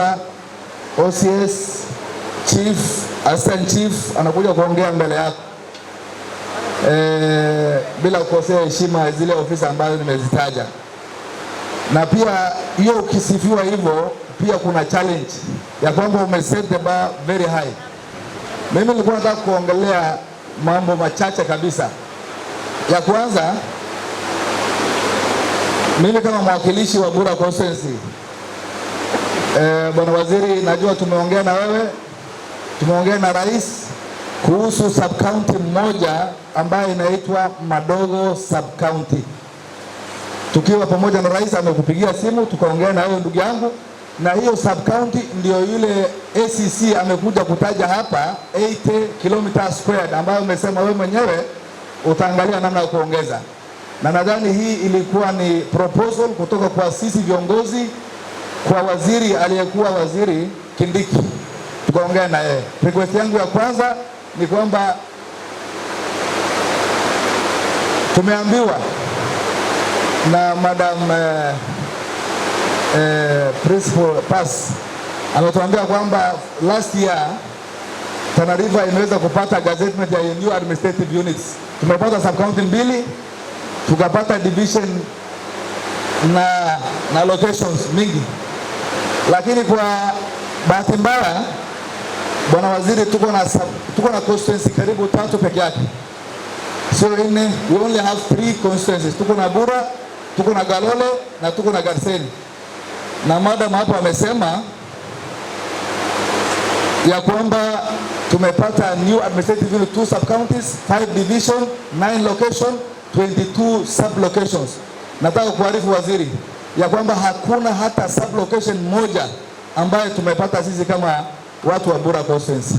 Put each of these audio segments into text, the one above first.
Musa, OCS, chief, assistant chief anakuja kuongea mbele yako e, bila kukosea heshima zile ofisa ambazo nimezitaja, na pia hiyo ukisifiwa hivyo, pia kuna challenge ya kwamba umeset the bar very high. Mimi nilikuwa nataka kuongelea mambo machache kabisa. Ya kwanza, mimi kama mwakilishi wa Bura constituency E, Bwana Waziri, najua tumeongea na wewe, tumeongea na rais kuhusu county mmoja ambayo inaitwa Madogo county. Tukiwa pamoja na rais amekupigia simu tukaongea na wewe ndugu yangu, na hiyo county ndio yule ACC amekuja kutaja hapa 80 km squared ambayo umesema wewe mwenyewe utaangalia namna ya kuongeza, na nadhani hii ilikuwa ni proposal kutoka kwa sisi viongozi kwa waziri aliyekuwa waziri Kindiki, tukaongea na yeye. Request yangu ya kwanza ni kwamba tumeambiwa na madam eh, eh, principal pass ametuambia kwamba last year Tana River imeweza kupata gazetment ya new administrative units. Tumepata sub county mbili, tukapata division na, na locations mingi. Lakini kwa bahati mbaya, bwana waziri, tuko na tuko na constituency karibu tatu peke yake, so nne. We only have three constituencies, tuko na Bura, tuko na Galole na tuko na Garseni, na madam hapo amesema ya kwamba tumepata new administrative unit, two sub counties, five division, nine location, 22 sub locations. Nataka kuarifu waziri ya kwamba hakuna hata sublocation moja ambayo tumepata sisi kama watu wa Bura Constituency.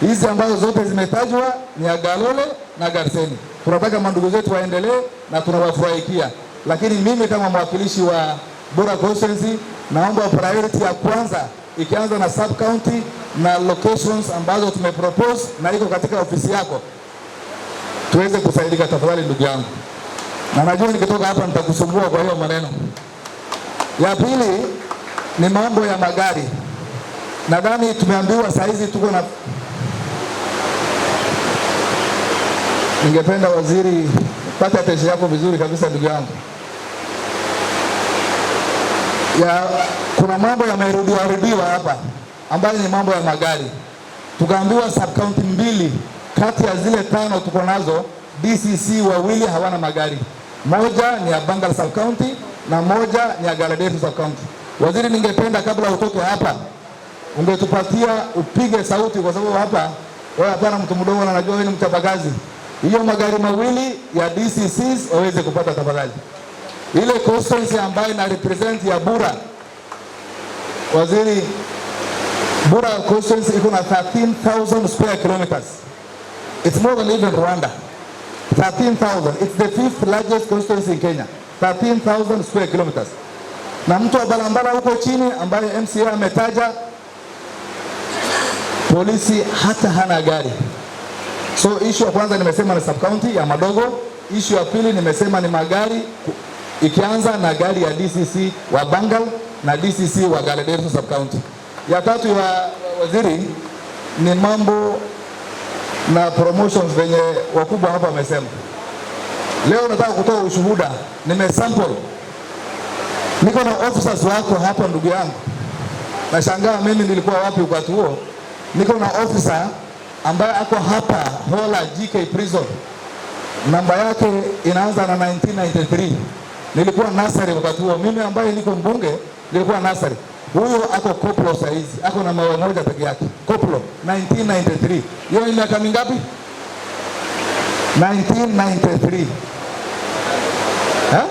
Hizi ambazo zote zimetajwa ni Agalole na Garseni. Tunataka mandugu zetu waendelee na tunawafurahikia, lakini mimi kama mwakilishi wa Bura Constituency naomba priority ya kwanza ikianza na sub county na locations ambazo tumepropose na iko katika ofisi yako tuweze kusaidika, tafadhali ndugu yangu, na najua nikitoka hapa nitakusumbua kwa hiyo maneno. Ya pili ni mambo ya magari. Nadhani tumeambiwa saa hizi tuko na, ningependa waziri, pata tesho yako vizuri kabisa ndugu yangu ya, kuna mambo yamerudiwarudiwa hapa ambayo ni mambo ya magari. Tukaambiwa sub county mbili kati ya zile tano tuko nazo, DCC wawili hawana magari moja ni ya Bangal South County na moja ni ya Galadeti South County. Waziri, ningependa kabla utoke hapa ungetupatia upige sauti, kwa sababu hapa wewe hapana mtu mdogo, na najua wewe ni mtapakazi. Hiyo magari mawili ya DCCs waweze kupata tabakazi ile constituency ambayo na represent ya Bura. Waziri, Bura constituency iko na 13000 square kilometers, it's more than even Rwanda. 13,000. It's the fifth largest constituency in Kenya. 13,000 square kilometers. Na mtu wa barabara huko chini ambaye MCA ametaja polisi hata hana gari. So issue ya kwanza nimesema ni sub county ya madogo, issue ya pili nimesema ni magari ikianza na gari ya DCC wa Bangal na DCC wa Galaderiso sub county. Ya tatu ya waziri ni mambo na promotions venye wakubwa hapa wamesema. Leo nataka kutoa ushuhuda, sample, niko na officers wako hapa, ndugu yangu. Nashangaa mimi nilikuwa wapi wakati huo. Niko na officer ambaye ako hapa Hola GK prison, namba yake inaanza na 1993. Nilikuwa nasari wakati huo, mimi ambaye niko mbunge nilikuwa nasari. Huyo ako koplo saizi, ako na mawe moja peke yake. Koplo 1993. Hiyo ni miaka mingapi? 1993. Ha?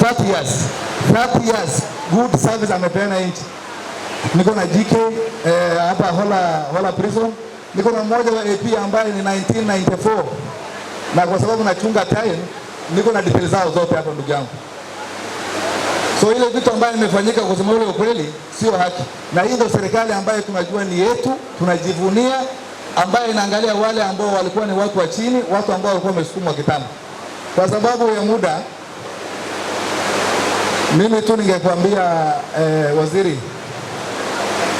30 years. 30 years good service amepeana nchi. Niko na JK eh, hapa Hola Hola prison. Niko na mmoja wa AP ambaye ni 1994. Na kwa sababu nachunga time, niko na details zao zote hapa ndugu yangu. So ile vitu ambayo imefanyika kwa kusema ule ukweli sio haki, na hii ndio serikali ambayo tunajua ni yetu, tunajivunia, ambayo inaangalia wale ambao walikuwa ni watu wa chini, watu ambao walikuwa wamesukumwa kitambo. Kwa sababu ya muda, mimi tu ningekwambia eh, waziri,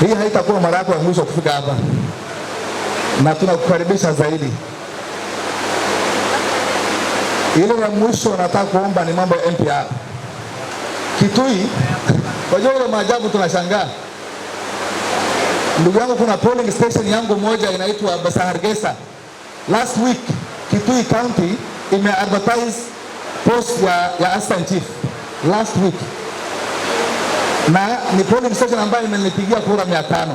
hii haitakuwa mara yako ya mwisho kufika hapa, na tunakukaribisha zaidi. Ile ya mwisho nataka kuomba ni mambo ya NPR. Kitui. Wajua ile maajabu tunashangaa. Ndugu yangu, kuna polling station yangu moja inaitwa Basahargesa. Last week Kitui County ime advertise post ya, ya assistant chief last week, na ni polling station ambayo imenipigia kura 500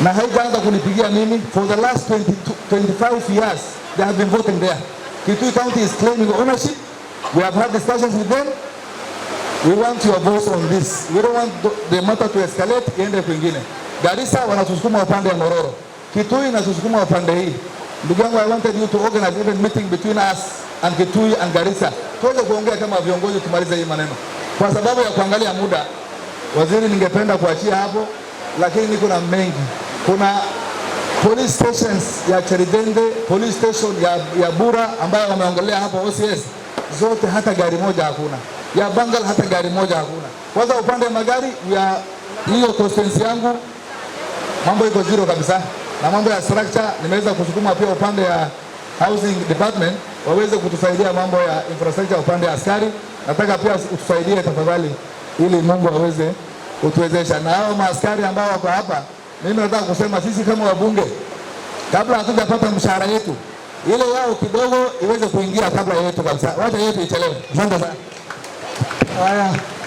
na haijaanza kunipigia mimi. For the last 20, 25 years they have been voting there. Kitui County is claiming ownership. We have had discussions with them. We want your voice on this. We don't want the matter to escalate iende kwingine. Garissa wanatusukuma upande wa Mororo. Kitui inatusukuma upande hii. Ndugu yangu, I wanted you to organize even meeting between us and Kitui and Garissa. Tuweze kuongea kama viongozi tumalize hii maneno. Kwa sababu ya kuangalia muda, waziri, ningependa kuachia hapo, lakini niko na mengi. Kuna police stations ya Cheridende, police station ya, ya Bura ambayo wameongelea hapo OCS. Zote hata gari moja hakuna ya Bangal hata gari moja hakuna. Kwanza upande wa magari ya hiyo constituency yangu mambo iko zero kabisa, na mambo ya structure nimeweza kusukuma pia upande ya housing department waweze kutusaidia mambo ya infrastructure upande ya askari. Nataka pia utusaidie tafadhali, ili Mungu aweze kutuwezesha. Na hao maaskari ambao wako hapa, mimi nataka kusema sisi kama wabunge, kabla hatujapata mshahara yetu, ile yao kidogo iweze kuingia kabla yetu kabisa, wacha yetu ichelewe. Asante sana. 哎呀。